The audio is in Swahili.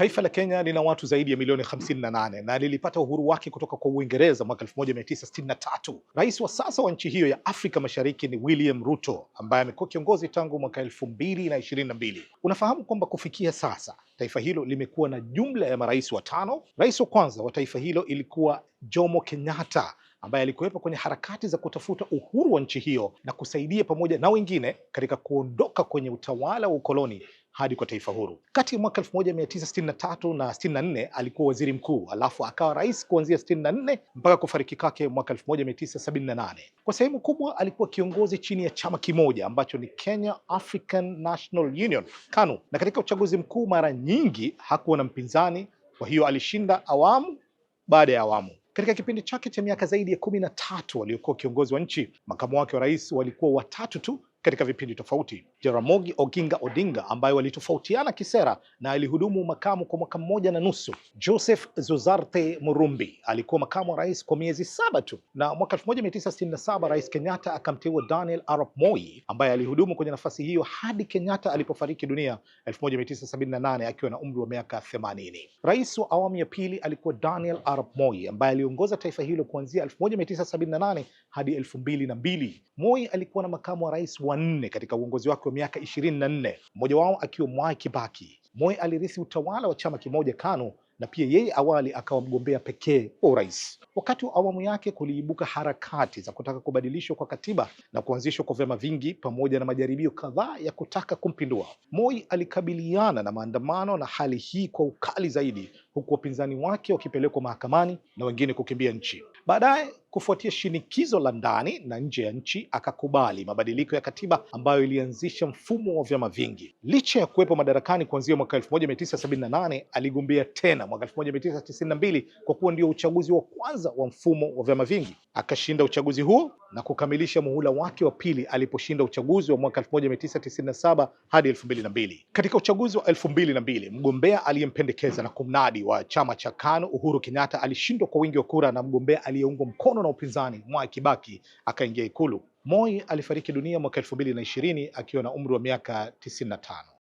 Taifa la Kenya lina watu zaidi ya milioni 58 na lilipata uhuru wake kutoka kwa Uingereza mwaka 1963. Rais wa sasa wa nchi hiyo ya Afrika Mashariki ni William Ruto ambaye amekuwa kiongozi tangu mwaka 2022. Unafahamu kwamba kufikia sasa taifa hilo limekuwa na jumla ya marais watano. Rais wa kwanza wa taifa hilo ilikuwa Jomo Kenyatta ambaye alikuwepo kwenye harakati za kutafuta uhuru wa nchi hiyo na kusaidia pamoja na wengine katika kuondoka kwenye utawala wa ukoloni hadi kwa taifa huru. Kati ya mwaka 1963 na 64 alikuwa waziri mkuu, alafu akawa rais kuanzia 64 mpaka kufariki kwake mwaka 1978. Kwa sehemu kubwa alikuwa kiongozi chini ya chama kimoja ambacho ni Kenya African National Union, KANU, na katika uchaguzi mkuu mara nyingi hakuwa na mpinzani, kwa hiyo alishinda awamu baada ya awamu. Katika kipindi chake cha miaka zaidi ya kumi na tatu aliyokuwa kiongozi wa nchi, makamu wake wa rais walikuwa watatu tu katika vipindi tofauti. Jaramogi Oginga Odinga ambaye walitofautiana kisera na alihudumu makamu kwa mwaka mmoja na nusu. Joseph Zozarte Murumbi alikuwa makamu wa rais kwa miezi saba tu, na mwaka 1967 Rais Kenyatta akamteua Daniel Arap Moi ambaye alihudumu kwenye nafasi hiyo hadi Kenyatta alipofariki dunia 1978 akiwa na umri wa miaka 80. Rais wa awamu ya pili alikuwa Daniel Arap Moi ambaye aliongoza taifa hilo kuanzia 1978 hadi 2002. Moi alikuwa na makamu wa rais wa wanne katika uongozi wake wa miaka ishirini na nne, mmoja wao akiwa Mwai Kibaki. Moi alirithi utawala wa chama kimoja KANU na pia yeye awali akawa mgombea pekee wa urais. Wakati wa awamu yake kuliibuka harakati za kutaka kubadilishwa kwa katiba na kuanzishwa kwa vyama vingi pamoja na majaribio kadhaa ya kutaka kumpindua. Moi alikabiliana na maandamano na hali hii kwa ukali zaidi, huku wapinzani wake wakipelekwa mahakamani na wengine kukimbia nchi. Baadaye kufuatia shinikizo la ndani na nje ya nchi akakubali mabadiliko ya katiba ambayo ilianzisha mfumo wa vyama vingi. Licha ya kuwepo madarakani kuanzia mwaka 1978, aligombea tena mwaka 1992 kwa kuwa ndio uchaguzi wa kwanza wa mfumo wa vyama vingi. Akashinda uchaguzi huo na kukamilisha muhula wake wa pili aliposhinda uchaguzi wa mwaka 1997 hadi 2002. Katika uchaguzi wa 2002, mgombea aliyempendekeza na kumnadi wa chama cha KANU Uhuru Kenyatta alishindwa kwa wingi wa kura na mgombea aliyeungwa mkono na upinzani Mwai Kibaki akaingia Ikulu. Moi alifariki dunia mwaka elfu mbili na ishirini akiwa na umri wa miaka tisini na tano.